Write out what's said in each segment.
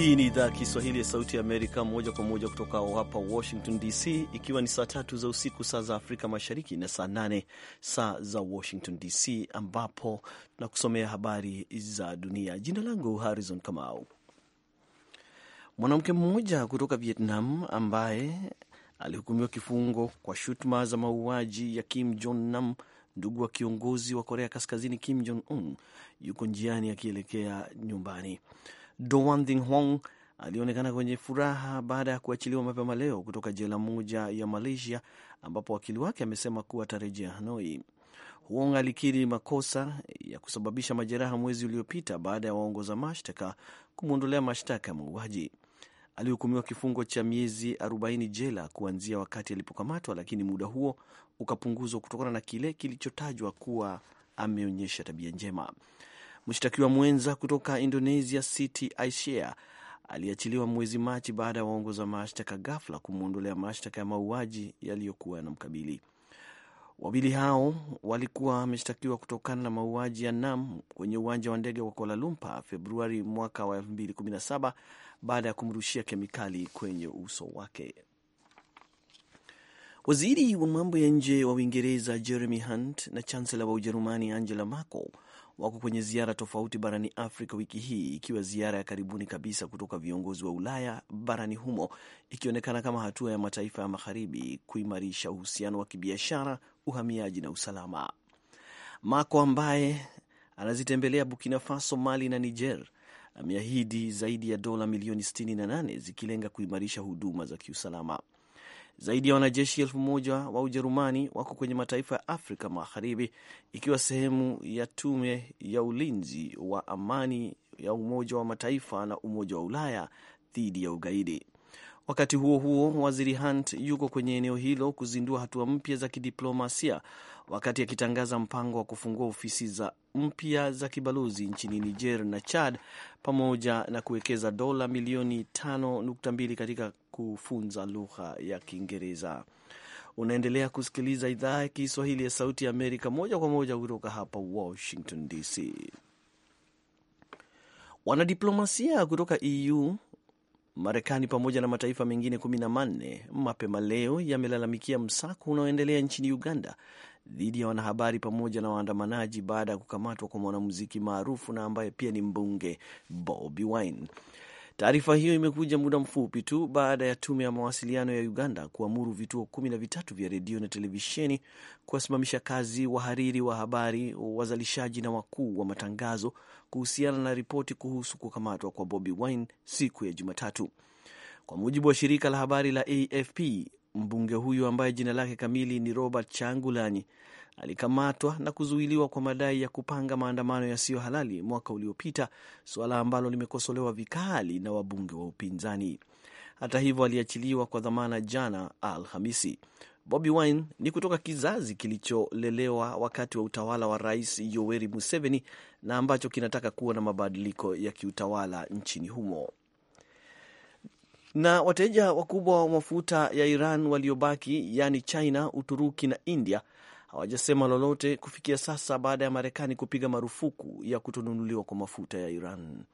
Hii ni idhaa ya Kiswahili ya Sauti ya Amerika, moja kwa moja kutoka hapa Washington DC, ikiwa ni saa tatu za usiku saa za Afrika Mashariki na saa nane saa za Washington DC, ambapo tunakusomea habari za dunia. Jina langu Harrison Kamau. Mwanamke mmoja kutoka Vietnam ambaye alihukumiwa kifungo kwa shutuma za mauaji ya Kim Jong Nam, ndugu wa kiongozi wa Korea Kaskazini Kim Jong Un, yuko njiani akielekea nyumbani. Do Hong alionekana kwenye furaha baada ya kuachiliwa mapema leo kutoka jela moja ya Malaysia, ambapo wakili wake amesema kuwa atarejea Hanoi. Huong alikiri makosa ya kusababisha majeraha mwezi uliopita baada ya waongoza mashtaka kumwondolea mashtaka ya mauaji. Alihukumiwa kifungo cha miezi 40 jela kuanzia wakati alipokamatwa, lakini muda huo ukapunguzwa kutokana na kile kilichotajwa kuwa ameonyesha tabia njema. Mshtakiwa mwenza kutoka Indonesia Siti Aisyah aliachiliwa mwezi Machi baada ya waongoza mashtaka ghafla kumwondolea mashtaka ya mauaji yaliyokuwa yanamkabili. Wawili hao walikuwa wameshtakiwa kutokana na mauaji ya Nam kwenye uwanja wa ndege wa Kuala Lumpur Februari mwaka wa 2017 baada ya kumrushia kemikali kwenye uso wake. Waziri wa mambo ya nje wa Uingereza Jeremy Hunt na chansela wa Ujerumani Angela Merkel wako kwenye ziara tofauti barani Afrika wiki hii, ikiwa ziara ya karibuni kabisa kutoka viongozi wa Ulaya barani humo, ikionekana kama hatua ya mataifa ya magharibi kuimarisha uhusiano wa kibiashara, uhamiaji na usalama. Mako ambaye anazitembelea Burkina Faso, Mali na Niger ameahidi zaidi ya dola milioni 68 zikilenga kuimarisha huduma za kiusalama. Zaidi ya wanajeshi elfu moja wa Ujerumani wako kwenye mataifa ya Afrika Magharibi, ikiwa sehemu ya tume ya ulinzi wa amani ya Umoja wa Mataifa na Umoja wa Ulaya dhidi ya ugaidi. Wakati huo huo, waziri Hunt yuko kwenye eneo hilo kuzindua hatua mpya za kidiplomasia, wakati akitangaza mpango wa kufungua ofisi za mpya za kibalozi nchini Niger na Chad pamoja na kuwekeza dola milioni 5.2 katika kufunza lugha ya Kiingereza. Unaendelea kusikiliza idhaa ya Kiswahili ya Sauti ya Amerika moja kwa moja kutoka hapa Washington DC. Wanadiplomasia kutoka EU Marekani pamoja na mataifa mengine kumi na manne mapema leo yamelalamikia msako unaoendelea nchini Uganda dhidi ya wanahabari pamoja na waandamanaji baada ya kukamatwa kwa mwanamuziki maarufu na ambaye pia ni mbunge Bobi Wine. Taarifa hiyo imekuja muda mfupi tu baada ya tume ya mawasiliano ya Uganda kuamuru vituo kumi na vitatu vya redio na televisheni kuwasimamisha kazi wahariri wa habari, wazalishaji na wakuu wa matangazo kuhusiana na ripoti kuhusu kukamatwa kwa Bobi Wine siku ya Jumatatu. Kwa mujibu wa shirika la habari la AFP, Mbunge huyu ambaye jina lake kamili ni Robert Changulanyi alikamatwa na kuzuiliwa kwa madai ya kupanga maandamano yasiyo halali mwaka uliopita, suala ambalo limekosolewa vikali na wabunge wa upinzani. Hata hivyo, aliachiliwa kwa dhamana jana Alhamisi. Bobi Wine ni kutoka kizazi kilicholelewa wakati wa utawala wa Rais Yoweri Museveni na ambacho kinataka kuona mabadiliko ya kiutawala nchini humo. Na wateja wakubwa wa mafuta ya Iran waliobaki, yaani China, Uturuki na India, hawajasema lolote kufikia sasa baada ya Marekani kupiga marufuku ya kutonunuliwa kwa mafuta ya Iran.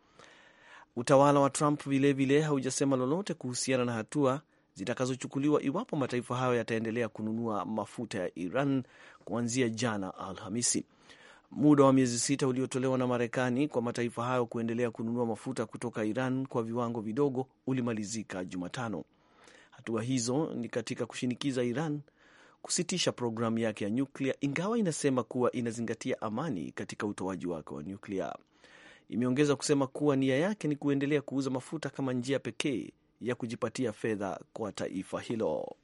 Utawala wa Trump vilevile haujasema lolote kuhusiana na hatua zitakazochukuliwa iwapo mataifa hayo yataendelea kununua mafuta ya Iran kuanzia jana Alhamisi muda wa miezi sita uliotolewa na Marekani kwa mataifa hayo kuendelea kununua mafuta kutoka Iran kwa viwango vidogo ulimalizika Jumatano. Hatua hizo ni katika kushinikiza Iran kusitisha programu yake ya nyuklia, ingawa inasema kuwa inazingatia amani katika utoaji wake wa nyuklia. Imeongeza kusema kuwa nia yake ni kuendelea kuuza mafuta kama njia pekee ya kujipatia fedha kwa taifa hilo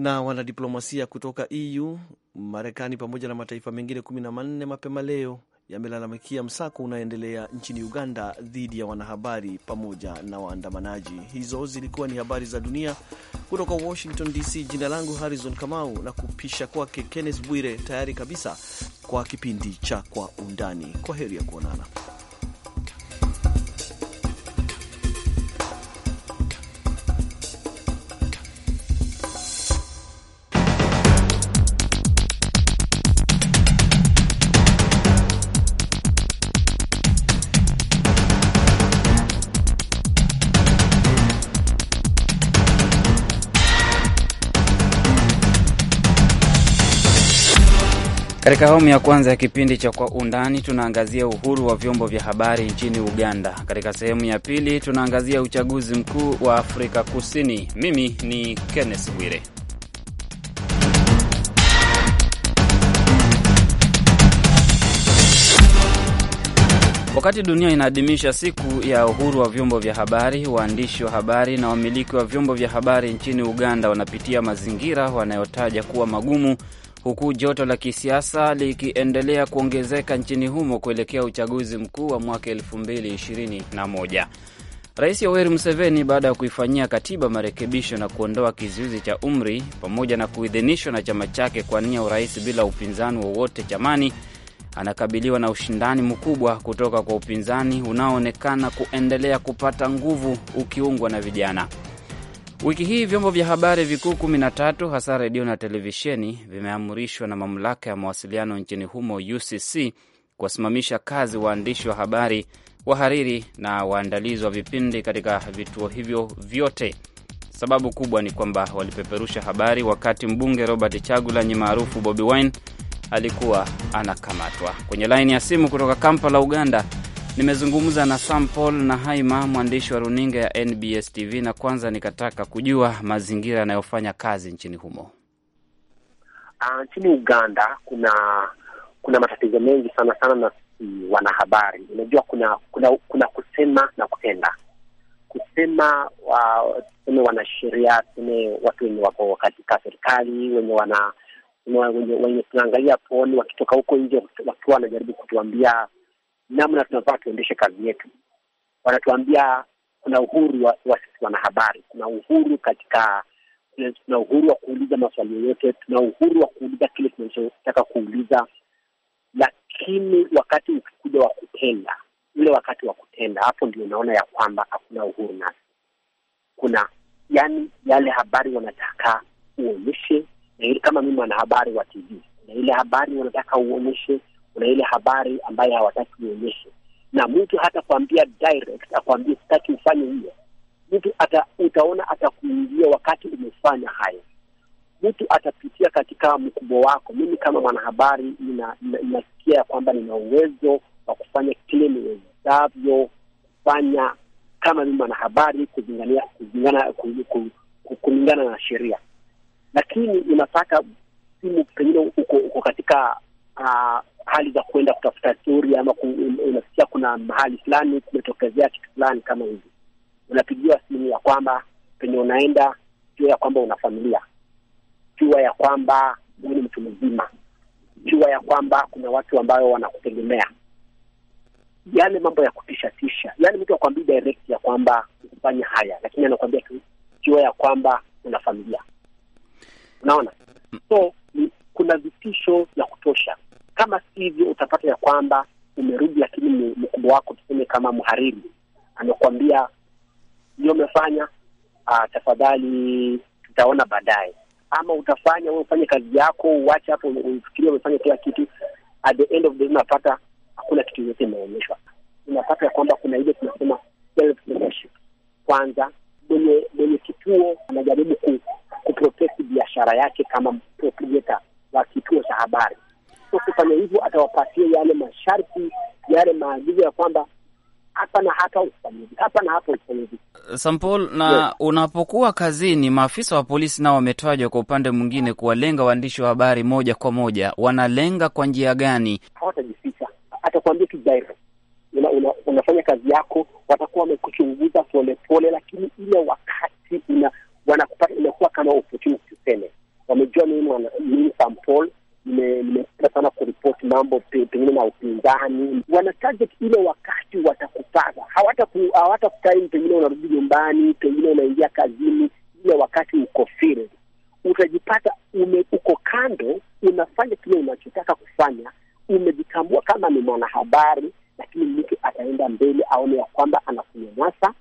na wanadiplomasia kutoka EU, Marekani pamoja na mataifa mengine kumi na manne mapema leo yamelalamikia msako unaendelea nchini Uganda dhidi ya wanahabari pamoja na waandamanaji. Hizo zilikuwa ni habari za dunia kutoka Washington DC. Jina langu Harrison Kamau na kupisha kwake Kenneth Bwire, tayari kabisa kwa kipindi cha Kwa Undani. Kwa heri ya kuonana. Katika awamu ya kwanza ya kipindi cha Kwa Undani tunaangazia uhuru wa vyombo vya habari nchini Uganda. Katika sehemu ya pili tunaangazia uchaguzi mkuu wa Afrika Kusini. Mimi ni Kenneth Bwire. Wakati dunia inaadhimisha siku ya uhuru wa vyombo vya habari, waandishi wa habari na wamiliki wa vyombo vya habari nchini Uganda wanapitia mazingira wanayotaja kuwa magumu huku joto la kisiasa likiendelea kuongezeka nchini humo kuelekea uchaguzi mkuu wa mwaka 2021. Rais Yoweri Museveni, baada ya kuifanyia katiba marekebisho na kuondoa kizuizi cha umri pamoja na kuidhinishwa na chama chake kwa nia urais bila upinzani wowote chamani, anakabiliwa na ushindani mkubwa kutoka kwa upinzani unaoonekana kuendelea kupata nguvu ukiungwa na vijana. Wiki hii vyombo vya habari vikuu kumi na tatu hasa redio na televisheni vimeamrishwa na mamlaka ya mawasiliano nchini humo UCC kuwasimamisha kazi waandishi wa habari, wahariri na waandalizi wa vipindi katika vituo hivyo vyote. Sababu kubwa ni kwamba walipeperusha habari wakati mbunge Robert Chagulanyi maarufu Bobi Wine alikuwa anakamatwa. Kwenye laini ya simu kutoka Kampala, Uganda, Nimezungumza na Sam Paul na Haima, mwandishi wa runinga ya NBS TV, na kwanza nikataka kujua mazingira yanayofanya kazi nchini humo. Ah, nchini Uganda kuna kuna matatizo mengi sana sana na wanahabari. Unajua, kuna kuna kuna kusema na kutenda. Kusema uh, wanasheria, tuseme watu wenye wako katika serikali wenye wana wenye tunaangalia poni wakitoka huko nje wakiwa wanajaribu kutuambia namna tunavyofaa tuendeshe kazi yetu. Wanatuambia kuna uhuru wa, wa sisi wanahabari, kuna uhuru katika, tuna uhuru wa kuuliza maswali yoyote, tuna uhuru wa kuuliza kile tunachotaka kuuliza, lakini wakati ukikuja wa kutenda, ule wakati wa kutenda, hapo ndio unaona ya kwamba hakuna uhuru. Nasi kuna yani yale habari wanataka uonyeshe, na ili kama mimi mwanahabari wa TV na ile habari wanataka uonyeshe kuna ile habari ambayo hawataki ionyeshe, na mtu hata kuambia direct, akwambie sitaki ufanye hiyo, mtu ata, utaona atakuingia wakati umefanya hayo. Mtu atapitia katika mkubwa wako. Mimi kama mwanahabari inasikia ya kwamba nina uwezo wa kufanya kile niwezavyo kufanya kama mimi mwanahabari kulingana kulingana na sheria, lakini unapata simu pengine uko, uko katika uh, hali za kuenda kutafuta stori ama ku, unasikia kuna mahali fulani kumetokezea kitu fulani kama hivi, unapigiwa simu ya kwamba penye unaenda, jua ya kwamba una familia, jua ya kwamba huyu ni mtu mzima, jua ya kwamba kuna watu ambayo wanakutegemea. Yale mambo ya kutisha tisha, yani mtu akwambia direct ya kwamba ukufanya haya, lakini anakwambia tu jua ya kwamba una familia. Unaona, mm. so kuna vitisho vya kutosha. Kama sivyo, utapata ya kwamba umerudi, lakini mkubwa wako tuseme kama mhariri amekwambia ndio umefanya, ah, tafadhali tutaona baadaye, ama utafanya wewe, ufanye kazi yako, uache hapo, ufikiria umefanya kila kitu. At the end of the unapata hakuna kitu yote imeonyeshwa. Unapata ya kwamba kuna ile tunasema self leadership kwanza mwenye mwenye kituo anajaribu ku, ku biashara yake kama proprietor wa kituo cha habari kufanya hivyo, atawapatia yale masharti, yale maagizo ya kwamba hapa na hapa ufanyizi, hapa na hapa ufanyaji. Sampol na yeah. Unapokuwa kazini, maafisa wa polisi nao wametajwa kwa upande mwingine kuwalenga waandishi wa habari moja kwa moja. Wanalenga kwa njia gani? Hawatajificha, atakwambia tu direct una, una, unafanya kazi yako, watakuwa wamekuchunguza polepole, lakini ile nini, wana target ile wakati watakupaza, ku, hawata, pengine unarudi nyumbani, pengine unaingia kazini, ile wakati uko free, utajipata ume, uko kando, unafanya kile unachotaka kufanya, umejitambua kama ni mwanahabari, lakini mtu ataenda mbele aone ya kwamba anakunyanyasa.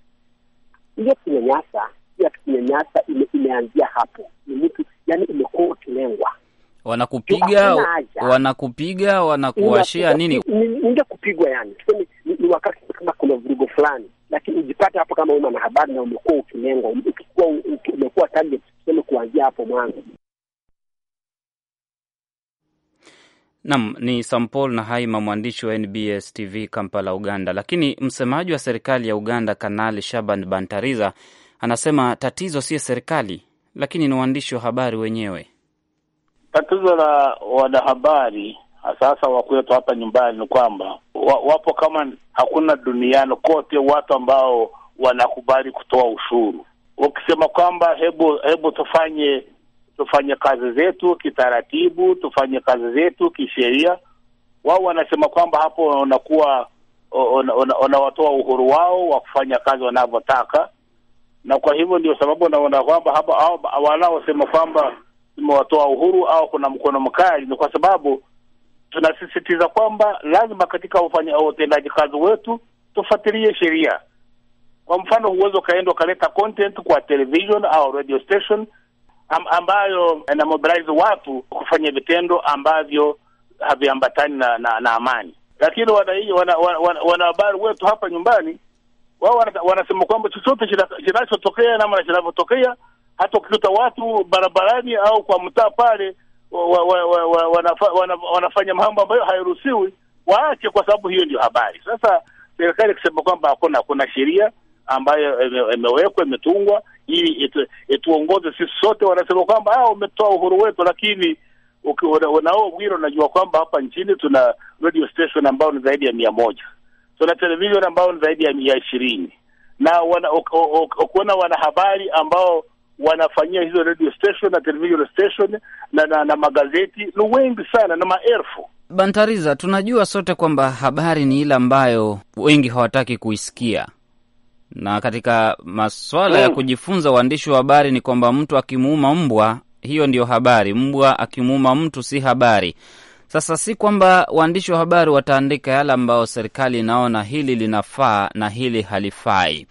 Hiyo kunyanyasa ya kunyanyasa ime, imeanzia hapo, ni mtu yani umekuwa ukilengwa wanakupiga wanakupiga wanakuwashia nini? Nam ni Sampol na Haima, mwandishi wa NBS TV Kampala, Uganda. Lakini msemaji wa serikali ya Uganda, Kanali Shaban Bantariza, anasema tatizo siyo serikali, lakini ni waandishi wa habari wenyewe. Tatizo la wanahabari sasa wakuwetu hapa nyumbani ni kwamba wapo kama hakuna duniani kote watu ambao wanakubali kutoa ushuru. Ukisema kwamba hebu hebu tufanye tufanye kazi zetu kitaratibu, tufanye kazi zetu kisheria. Wao wanasema kwamba hapo wanakuwa wanawatoa uhuru wao wa kufanya kazi wanavyotaka, na kwa hivyo ndio sababu naona kwamba hapa wanaosema kwamba tumewatoa uhuru au kuna mkono mkali, ni kwa sababu tunasisitiza kwamba lazima katika ufanya utendaji kazi wetu tufuatilie sheria. Kwa mfano, huwezi ukaenda ukaleta content kwa television au radio station am, ambayo eh, na mobilize watu kufanya vitendo ambavyo haviambatani na, na, na amani. Lakini wanahabari wana, wana, wana wetu hapa nyumbani wao wanasema kwamba chochote kinachotokea namna kinavyotokea, hata ukikuta watu barabarani au kwa mtaa pale wa, wa, wa, wa, wa, wanafa, wana, wanafanya mambo ambayo hairuhusiwi waache, kwa sababu hiyo ndio habari. Sasa serikali ikisema kwamba hakuna hakuna sheria ambayo imewekwa imetungwa ili ituongoze sisi sote. Wanasema kwamba ah, umetoa uhuru wetu, lakini nao Bwira, unajua kwamba hapa nchini tuna radio station ambayo ni zaidi ya mia moja tuna television ambayo ni zaidi ya mia ishirini na wana, kuona wanahabari ambao wanafanyia hizo radio station na television station na, na, na magazeti ni wengi sana na maelfu. Bantariza, tunajua sote kwamba habari ni ile ambayo wengi hawataki kuisikia na katika maswala mm. ya kujifunza uandishi wa habari ni kwamba mtu akimuuma mbwa, hiyo ndio habari. Mbwa akimuuma mtu si habari. Sasa si kwamba waandishi wa habari wataandika yale ambayo serikali inaona hili linafaa na hili halifai.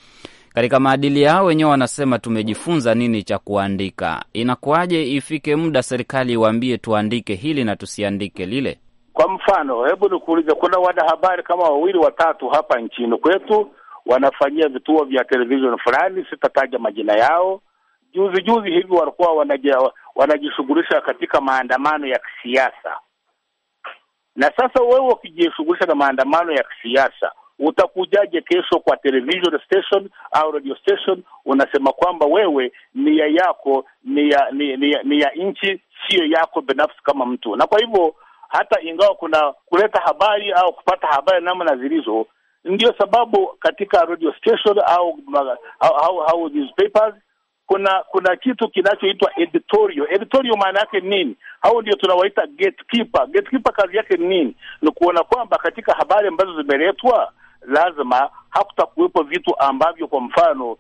Katika maadili yao wenyewe wanasema tumejifunza nini cha kuandika. Inakuwaje ifike muda serikali iwaambie tuandike hili na tusiandike lile? Kwa mfano, hebu nikuulize, kuna wanahabari kama wawili watatu hapa nchini kwetu wanafanyia vituo vya television fulani, sitataja majina yao. Juzi juzi hivi walikuwa wanajishughulisha katika maandamano ya kisiasa, na sasa wewe ukijishughulisha na maandamano ya kisiasa utakujaje kesho kwa television station au radio station unasema kwamba wewe nia yako ni ya ni, ni, ni ya nchi, sio yako binafsi kama mtu? Na kwa hivyo hata ingawa kuna kuleta habari au kupata habari namna zilizo ndio sababu katika radio station au au, au newspapers kuna kuna kitu kinachoitwa editorial. Editorial maana yake nini? Hao ndio tunawaita gatekeeper. Gatekeeper kazi yake nini? Ni kuona kwamba katika habari ambazo zimeletwa, lazima hakutakuwepo vitu ambavyo kwa mfano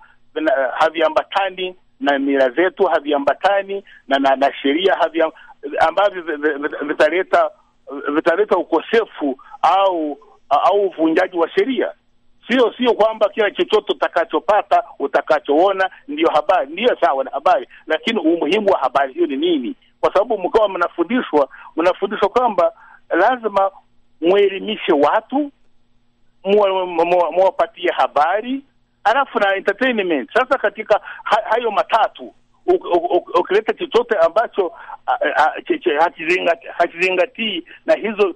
haviambatani na mila zetu, haviambatani na na, na sheria ambavyo vitaleta vitaleta ukosefu au au uvunjaji wa sheria. Sio sio kwamba kila chochote utakachopata utakachoona ndiyo habari. Ndiyo sawa na habari, lakini umuhimu wa habari hiyo ni nini? Kwa sababu mkawa mnafundishwa mnafundishwa kwamba lazima mwelimishe watu, mwapatie habari alafu na entertainment. Sasa katika hayo matatu ukileta chochote ambacho hakizingatii na hizo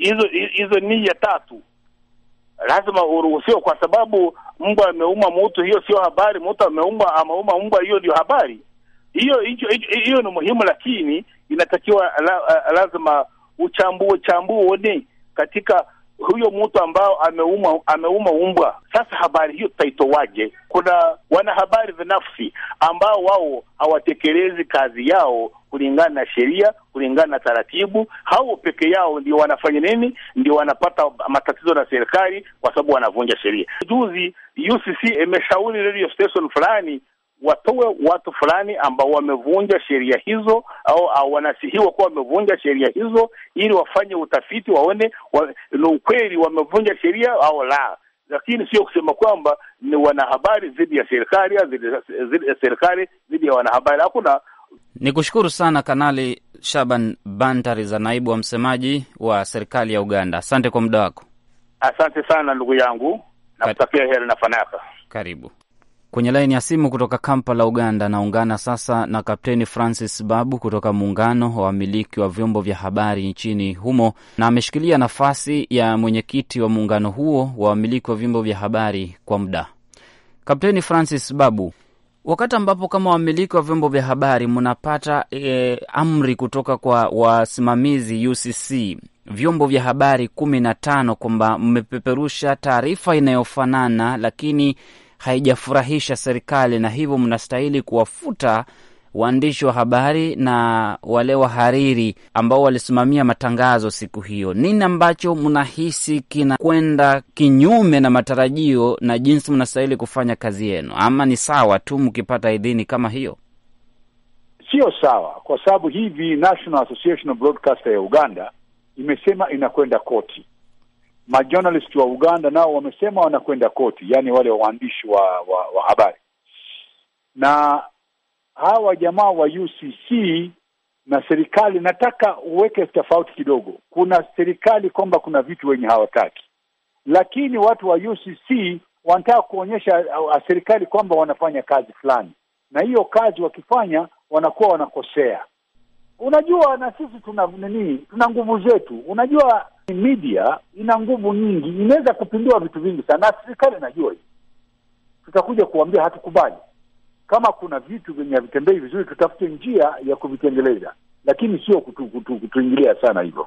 hizo hizo nia tatu, lazima uruhusiwe, kwa sababu mbwa ameuma mutu, hiyo sio habari. Mutu ameuma ameuma mbwa, hiyo ndio habari. Hiyo hiyo ni muhimu, lakini inatakiwa lazima uchambue chambue, ni katika huyo mtu ambao ameuma ameuma umbwa. Sasa habari hiyo tutaitowaje? Kuna wanahabari binafsi ambao wao hawatekelezi kazi yao kulingana na sheria, kulingana na taratibu. Hao peke yao ndio wanafanya nini? Ndio wanapata matatizo na serikali, kwa sababu wanavunja sheria. Juzi UCC imeshauri radio station fulani watoe watu fulani ambao wamevunja sheria hizo au, au wanasihiwa kuwa wamevunja sheria hizo, ili wafanye utafiti waone wa, ni ukweli wamevunja sheria au la, lakini sio kusema kwamba ni wanahabari dhidi ya serikali, dhidi ya serikali dhidi ya wanahabari. Hakuna. Ni kushukuru sana Kanali Shaban Bantari za naibu wa msemaji wa serikali ya Uganda. Asante kwa muda wako. Asante sana ndugu yangu, nakutakia heri na fanaka. Karibu. Kwenye laini ya simu kutoka Kampala, Uganda, naungana sasa na Kapteni Francis Babu kutoka muungano wa wamiliki wa vyombo vya habari nchini humo, na ameshikilia nafasi ya mwenyekiti wa muungano huo wa wamiliki wa vyombo vya habari kwa muda. Kapteni Francis Babu, wakati ambapo kama wamiliki wa vyombo vya habari mnapata e, amri kutoka kwa wasimamizi UCC vyombo vya habari kumi na tano kwamba mmepeperusha taarifa inayofanana lakini haijafurahisha serikali, na hivyo mnastahili kuwafuta waandishi wa habari na wale wahariri ambao walisimamia matangazo siku hiyo. Nini ambacho mnahisi kinakwenda kinyume na matarajio na jinsi mnastahili kufanya kazi yenu, ama ni sawa tu mkipata idhini kama hiyo? Sio sawa, kwa sababu hivi National Association of Broadcaster ya Uganda imesema inakwenda koti majournalist wa Uganda nao wamesema wanakwenda koti, yaani wale waandishi wa, wa, wa habari na hawa jamaa wa UCC na serikali. Nataka uweke tofauti kidogo. Kuna serikali kwamba kuna vitu wenye hawataki, lakini watu wa UCC wanataka kuonyesha uh, uh, serikali kwamba wanafanya kazi fulani, na hiyo kazi wakifanya wanakuwa wanakosea. Unajua, na sisi tuna nini, tuna nguvu zetu. Unajua, Media ina nguvu nyingi, inaweza kupindua vitu vingi sana, na serikali inajua hivi. Tutakuja kuambia hatukubali. Kama kuna vitu vyenye havitembei vizuri, tutafute njia ya kuvitengeleza, lakini sio kutuingilia sana hivyo.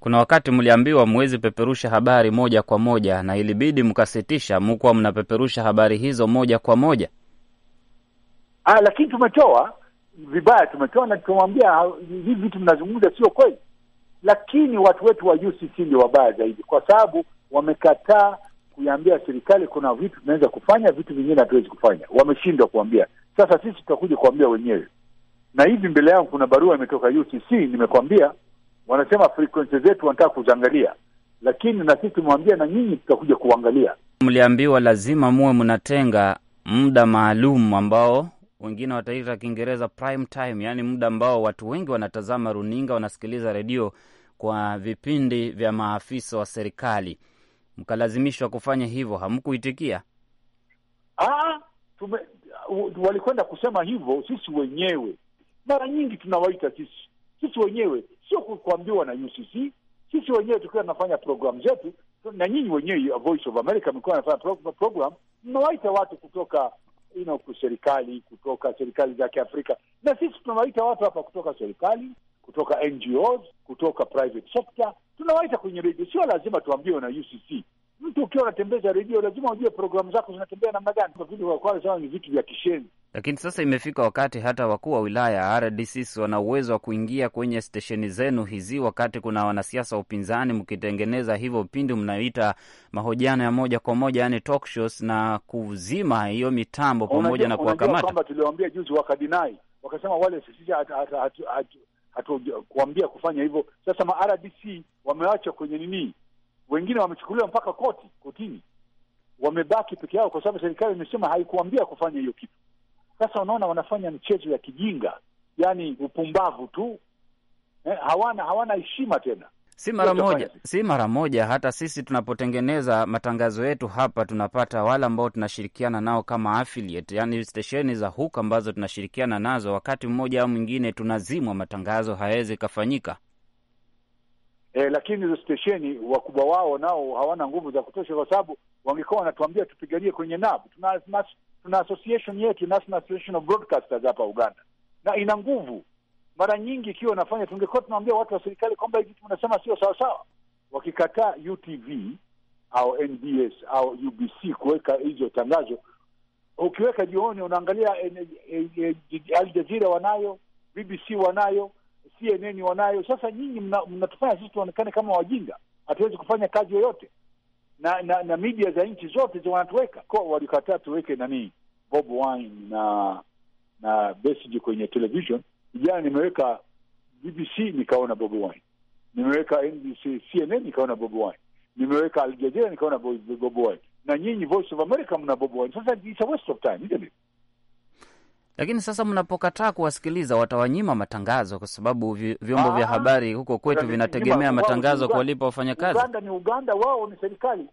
Kuna wakati mliambiwa mwezi peperusha habari moja kwa moja, na ilibidi mkasitisha. Mkuwa mnapeperusha habari hizo moja kwa moja. Ah, lakini tumetoa vibaya, tumetoa na tumwambia hivi vitu mnazungumza sio kweli lakini watu wetu wa UCC ndio wabaya zaidi, kwa sababu wamekataa kuiambia serikali kuna vitu tunaweza kufanya, vitu vingine hatuwezi kufanya. Wameshindwa kuambia. Sasa sisi tutakuja kuambia wenyewe, na hivi mbele yangu kuna barua imetoka UCC, nimekwambia, wanasema frequency zetu wanataka kuziangalia, lakini na sisi tumwambia, na nyinyi tutakuja kuangalia. Mliambiwa lazima muwe mnatenga muda maalum ambao wengine wataita Kiingereza prime time, yaani muda ambao watu wengi wanatazama runinga, wanasikiliza redio kwa vipindi vya maafisa wa serikali. Mkalazimishwa kufanya hivyo, hamkuitikia? Ah, uh, walikwenda kusema hivyo. Sisi wenyewe mara nyingi tunawaita sisi sisi wenyewe, sio kuambiwa na UCC. Sisi wenyewe tukiwa tunafanya programu zetu, na nyinyi wenyewe Voice of America mlikuwa nafanya program, mnawaita watu kutoka you know, serikali kutoka serikali za Kiafrika, na sisi tunawaita watu hapa kutoka serikali, kutoka NGOs, kutoka private sector, tunawaita kwenye redio. Sio lazima tuambiwe na UCC mtu ukiwa unatembeza redio lazima ujue programu zako zinatembea namna gani, kwa vile sana ni vitu vya kishenzi. Lakini sasa imefika wakati hata wakuu wa wilaya RDC wana uwezo wa kuingia kwenye stesheni zenu hizi, wakati kuna wanasiasa wa upinzani, mkitengeneza hivyo pindi mnaita mahojiano ya moja kwa moja, yani talk shows, na kuzima hiyo mitambo pamoja na kuwakamata. Kwamba tuliwaambia juzi wakadinai, wakasema wale sisi hatukuambia kufanya hivyo. Sasa ma RDC wamewacha kwenye nini wengine wamechukuliwa mpaka koti kotini, wamebaki peke yao kwa sababu serikali imesema haikuambia kufanya hiyo kitu. Sasa unaona wanafanya michezo ya kijinga, yani upumbavu tu eh, hawana hawana heshima tena. Si mara moja, si mara moja. Hata sisi tunapotengeneza matangazo yetu hapa tunapata wale ambao tunashirikiana nao kama affiliate, yani stesheni za huku ambazo tunashirikiana nazo, wakati mmoja au mwingine tunazimwa, matangazo hayawezi kafanyika e, lakini hizo stesheni wakubwa wao nao hawana nguvu za kutosha, kwa sababu wangekuwa wanatuambia tupiganie kwenye NAB. Tuna, tuna association yetu National Association of Broadcasters hapa Uganda na ina nguvu. Mara nyingi ikiwa unafanya, tungekuwa tunaambia watu wa serikali kwamba hivi tunasema sio sawasawa. Wakikataa UTV au NBS au UBC kuweka hizo tangazo, ukiweka jioni unaangalia eh, eh, Al Jazeera wanayo, BBC wanayo CNN wanayo. Sasa nyinyi mnatufanya sisi tuonekane kama wajinga, hatuwezi kufanya kazi yoyote, na na, na media za nchi zote wanatuweka kwa walikataa tuweke nani Bob Wine na na Besigye kwenye television. Jana nimeweka BBC nikaona Bob Wine, nimeweka NBC CNN nikaona Bob Wine, nimeweka Al Jazeera nikaona Bob Wine, na nyinyi Voice of America mna Bob Wine. Sasa it's a waste of time, isn't it? Lakini sasa mnapokataa kuwasikiliza, watawanyima matangazo, kwa sababu vyombo vya ah, habari huko kwetu vinategemea matangazo kuwalipa wafanyakazi. Uganda ni Uganda, wao ni serikali.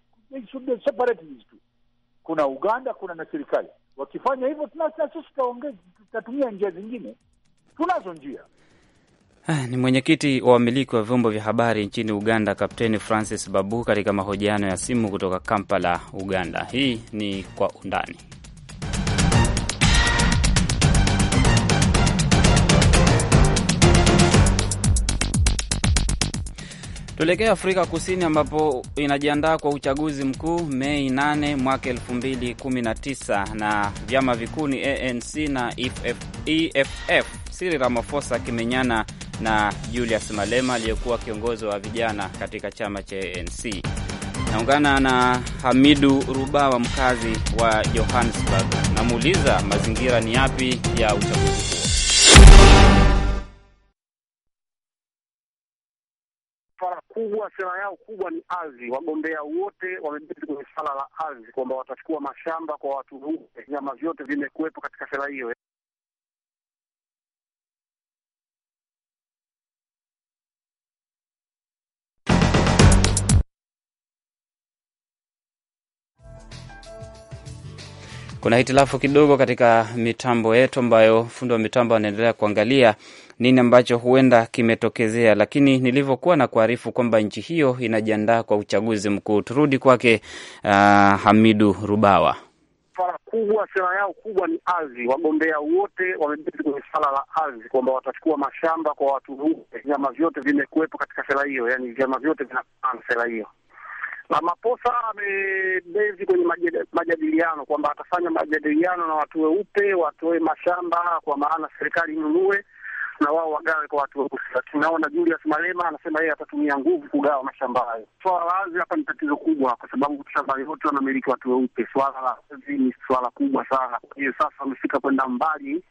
Kuna Uganda, kuna na serikali. Wakifanya hivyo, sisi tutatumia njia zingine, tunazo njia ah, ni mwenyekiti wa wamiliki wa vyombo vya habari nchini Uganda, Kapteni Francis Babu, katika mahojiano ya simu kutoka Kampala, Uganda. Hii ni Kwa Undani. Tuelekea Afrika Kusini ambapo inajiandaa kwa uchaguzi mkuu Mei 8 mwaka 2019 na vyama vikuu ni ANC na EFF. E Cyril Ramaphosa akimenyana na Julius Malema aliyekuwa kiongozi wa vijana katika chama cha ANC. Naungana na Hamidu Rubawa, mkazi wa Johannesburg, namuuliza mazingira ni yapi ya uchaguzi kubwa, sera yao kubwa ni ardhi. Wagombea wote wamebezi kwenye suala la ardhi, kwamba watachukua mashamba kwa watu wote. Vyama vyote vimekuwepo katika sera hiyo. kuna hitilafu kidogo katika mitambo yetu, ambayo fundi wa mitambo anaendelea kuangalia nini ambacho huenda kimetokezea, lakini nilivyokuwa na kuarifu kwamba nchi hiyo inajiandaa kwa uchaguzi mkuu. Turudi kwake uh, Hamidu Rubawa. Swala kubwa, sera yao kubwa ni ardhi. Wagombea wote wamebezi kwenye swala la ardhi, kwamba watachukua mashamba kwa watu. Vyama vyote vimekuwepo katika sera hiyo, yani vyama vyote vinafahamu sera hiyo. Ramaphosa amebezi kwenye majadiliano kwamba atafanya majadiliano na watu weupe watoe mashamba kwa maana serikali inunue na wao wagawe kwa watu weusi, lakini naona Julius Malema anasema yeye atatumia nguvu kugawa mashamba hayo. Swala la ardhi hapa ni tatizo kubwa, kwa sababu shamba yote wanamiliki watu weupe. Swala la ardhi ni swala kubwa sana. Kwa hiyo sasa wamefika kwenda mbali,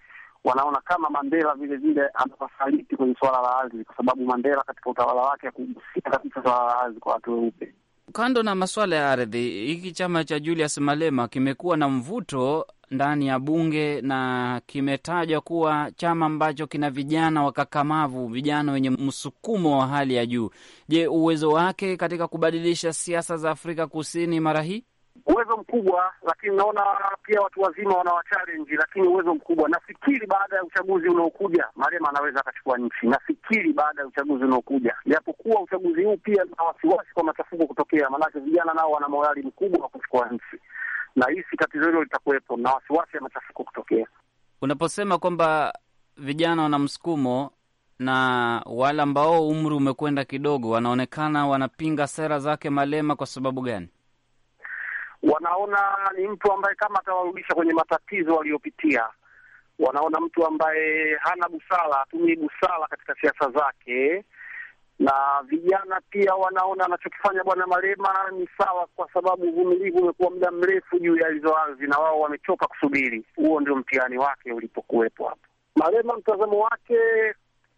wanaona kama Mandela vile vile anawasaliti kwenye swala la ardhi, kwa sababu Mandela katika utawala wake hakugusia kabisa swala la ardhi kwa watu weupe. Kando na masuala ya ardhi, hiki chama cha Julius Malema kimekuwa na mvuto ndani ya bunge na kimetajwa kuwa chama ambacho kina vijana wakakamavu, vijana wenye msukumo wa hali ya juu. Je, uwezo wake katika kubadilisha siasa za Afrika Kusini mara hii? Uwezo mkubwa, lakini naona pia watu wazima wanawachalenji, lakini uwezo mkubwa. Nafikiri baada ya uchaguzi unaokuja Marema anaweza akachukua nchi, nafikiri baada ya uchaguzi unaokuja, japokuwa uchaguzi huu pia na wasiwasi kwa machafuko kutokea, maanake vijana nao wana morali mkubwa wa kuchukua nchi, na hisi tatizo hilo litakuwepo na wasiwasi ya machafuko kutokea. Unaposema kwamba vijana wana msukumo na wale ambao umri umekwenda kidogo wanaonekana wanapinga sera zake Malema, kwa sababu gani? wanaona ni mtu ambaye kama atawarudisha kwenye matatizo waliyopitia, wanaona mtu ambaye hana busara, atumie busara katika siasa zake. Na vijana pia wanaona anachokifanya Bwana Malema ni sawa, kwa sababu uvumilivu umekuwa muda mrefu juu ya hizo ardhi na wao wamechoka kusubiri. Huo ndio mtihani wake ulipokuwepo hapo. Malema mtazamo wake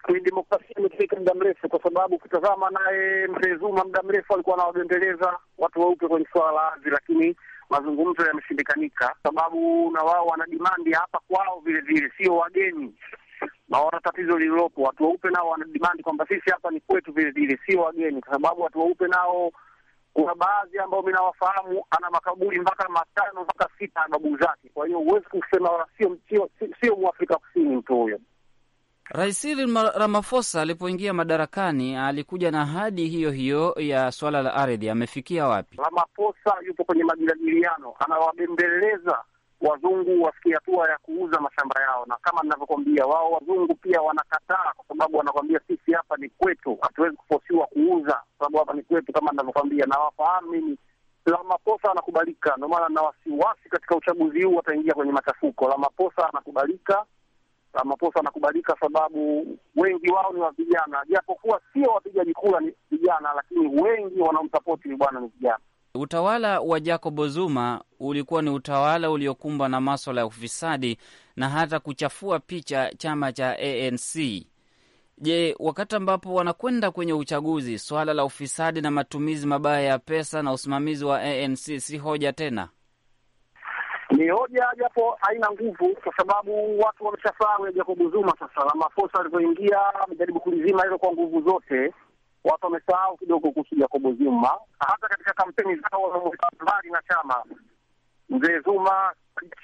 kwenye demokrasia imetumika muda mrefu, kwa sababu ukitazama naye mzee Zuma muda mrefu alikuwa anawabembeleza watu weupe kwenye suala la ardhi, lakini mazungumzo yameshindikanika, sababu na wao wana dimandi hapa kwao vile vile, sio wageni naona tatizo lililopo watu weupe nao wana dimandi kwamba sisi hapa ni kwetu vile vile, sio wageni, kwa sababu watu weupe nao kuna baadhi ambao mi nawafahamu, ana makaburi mpaka matano mpaka sita ya babu zake. Kwa hiyo huwezi kusema sio Mwafrika Kusini mtu huyo. Rais Cyril Ramaphosa alipoingia madarakani alikuja na ahadi hiyo hiyo ya swala la ardhi. Amefikia wapi? Ramaphosa yupo kwenye majadiliano, anawabembeleza wazungu wafikie hatua ya kuuza mashamba yao, na kama ninavyokwambia, wao wazungu pia wanakataa, kwa sababu wanakwambia sisi hapa ni kwetu, hatuwezi kufosiwa kuuza, kwa sababu hapa ni kwetu, kama ninavyokwambia na mimi Ramaphosa anakubalika, ndio maana na wasiwasi katika uchaguzi huu wataingia kwenye machafuko. Ramaphosa anakubalika Ramaphosa ah, anakubalika sababu wengi wao ni wavijana, japokuwa sio wapigaji kura ni vijana, lakini wengi wanaomsapoti ni bwana ni vijana. Utawala wa Jacob Zuma ulikuwa ni utawala uliokumbwa na maswala ya ufisadi na hata kuchafua picha chama cha ANC. Je, wakati ambapo wanakwenda kwenye uchaguzi, swala la ufisadi na matumizi mabaya ya pesa na usimamizi wa ANC si hoja tena? Ni hoja japo haina nguvu, kwa sababu watu wameshasahau ya Jacob Zuma. Sasa mafosa alivyoingia amejaribu kulizima hilo kwa nguvu zote, watu wamesahau kidogo kuhusu Jacob Zuma. Hata katika kampeni zao wameweka mbali na chama. Mzee Zuma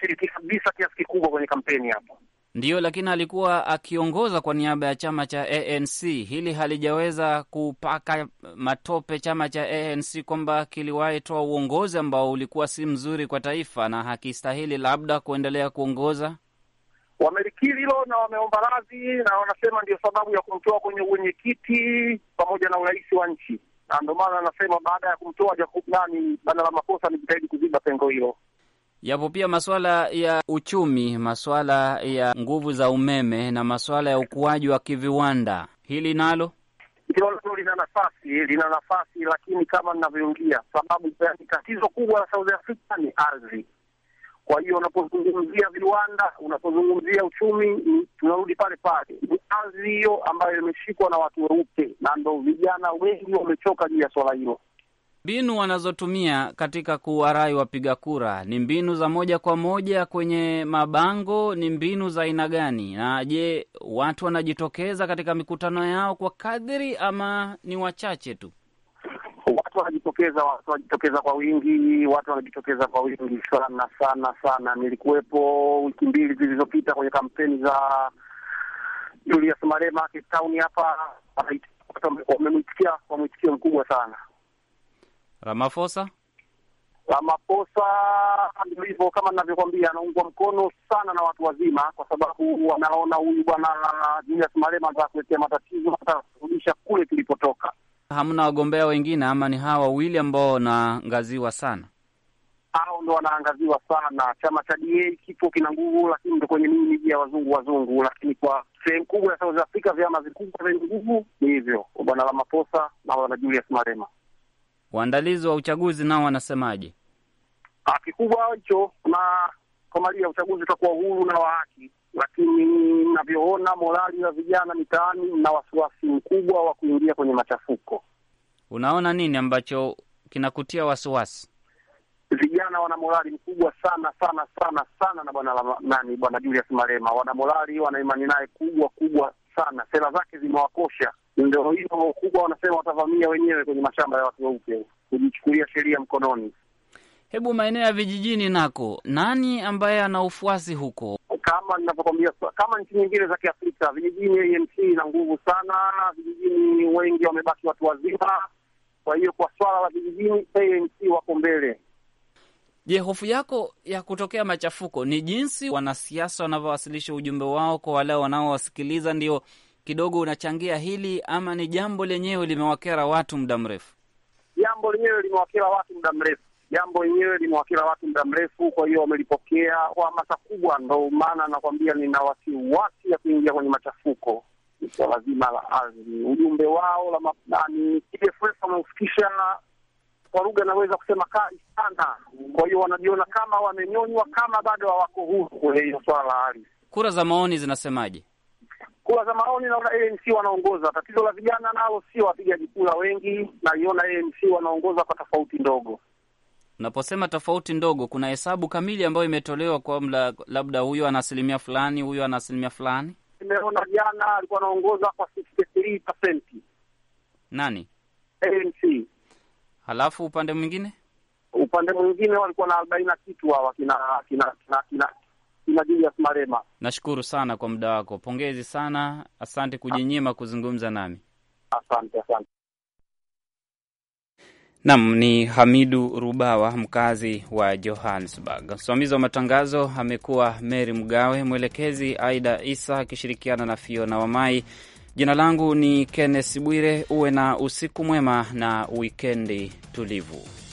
shiriki kabisa kiasi kikubwa kwenye kampeni hapa. Ndiyo, lakini alikuwa akiongoza kwa niaba ya chama cha ANC. Hili halijaweza kupaka matope chama cha ANC kwamba kiliwahi toa uongozi ambao ulikuwa si mzuri kwa taifa na hakistahili labda kuendelea kuongoza. Wamelikiri hilo na wameomba radhi, na wanasema ndio sababu ya kumtoa kwenye uwenyekiti pamoja na urais wa nchi, na ndio maana anasema baada ya kumtoa Jakub nani, bana la makosa ni kuziba pengo hilo. Yapo pia masuala ya uchumi, masuala ya nguvu za umeme na masuala ya ukuaji wa kiviwanda. Hili nalo hilo nalo lina nafasi, lina nafasi, lakini kama ninavyoingia, sababu yaani tatizo kubwa la South Africa ni ardhi. Kwa hiyo unapozungumzia viwanda, unapozungumzia uchumi, tunarudi pale pale, ni ardhi hiyo ambayo imeshikwa na watu weupe, na ndo vijana wengi wamechoka juu ya swala hilo. Mbinu wanazotumia katika kuwarai wapiga kura ni mbinu za moja kwa moja kwenye mabango, ni mbinu za aina gani? Na je, watu wanajitokeza katika mikutano yao kwa kadhiri ama ni wachache tu? Watu wanajitokeza, watu wanajitokeza kwa wingi, watu wanajitokeza kwa wingi sana sana sana. Nilikuwepo wiki mbili zilizopita kwenye kampeni za Julius Malema Cape Town hapa, wamemwitikia kwa mwitikio mkubwa sana Ramaphosa Ramaphosa ndivyo hivyo, kama ninavyokwambia, anaungwa mkono sana na watu wazima, kwa sababu wanaona huyu bwana Julius Malema kuletea matatizo, atarudisha kule tulipotoka. Hamna wagombea wengine ama ni hawa wawili ambao wanaangaziwa sana? Hao ndo wanaangaziwa sana. Chama cha DA kipo kina nguvu, lakini ndo kwenye miji ya wazungu wazungu, lakini kwa sehemu kubwa ya South Africa vyama vikubwa vyenye nguvu ni hivyo, bwana Ramaphosa na bwana Julius Malema. Waandalizi wa uchaguzi nao wanasemaje? Ah, kikubwa hicho kwa mali ya uchaguzi utakuwa huru na wa haki, lakini navyoona morali ya vijana mitaani na wasiwasi mkubwa wa kuingia kwenye machafuko. Unaona nini ambacho kinakutia wasiwasi? Vijana wana morali mkubwa sana sana sana sana na bwana nani, bwana Julius Malema, wana morali, wana imani naye kubwa kubwa sana, sera zake zimewakosha ndio hiyo kubwa, wanasema watavamia wenyewe kwenye mashamba ya watu weupe, kujichukulia sheria mkononi. Hebu maeneo ya vijijini nako, nani ambaye ana ufuasi huko? Kama ninavyokwambia, kama nchi nyingine za Kiafrika, vijijini ANC ina nguvu sana. Vijijini wengi wamebaki watu wazima, kwa hiyo kwa swala la vijijini ANC wako mbele. Je, hofu yako ya kutokea machafuko ni jinsi wanasiasa wanavyowasilisha ujumbe wao kwa wale wanaowasikiliza, ndio kidogo unachangia hili, ama ni jambo lenyewe limewakera watu muda mrefu? Jambo lenyewe limewakera watu muda mrefu, jambo lenyewe limewakera watu muda mrefu. Kwa hiyo wamelipokea kwa hamasa kubwa, ndo maana nakwambia nina wasiwasi ya kuingia kwenye machafuko swala zima la ardhi. Ujumbe wao la nani TFF wameufikisha kwa lugha inaweza kusema kali sana. Kwa hiyo wanajiona kama wamenyonywa, kama bado hawako huru kwenye hiyo swala la ardhi. Kura za maoni zinasemaje? kura za maoni, naona ANC wanaongoza. Tatizo la vijana nalo sio wapigaji kura wengi, naiona ANC wanaongoza kwa tofauti ndogo. Unaposema tofauti ndogo, kuna hesabu kamili ambayo imetolewa kwamba labda huyo ana asilimia fulani, huyo ana asilimia fulani? Nimeona jana alikuwa anaongoza kwa 63% nani, ANC. Halafu upande mwingine, upande mwingine walikuwa na arobaini na kitu hawa kina kina kina na Julius Marema. Nashukuru sana kwa muda wako, pongezi sana, asante kujinyima kuzungumza nami. Asante, asante. Nam ni Hamidu Rubawa, mkazi wa Johannesburg. Msimamizi wa matangazo amekuwa Mary Mgawe, mwelekezi Aida Isa akishirikiana na Fiona Wamai. Jina langu ni Kenneth Bwire. Uwe na usiku mwema na wikendi tulivu.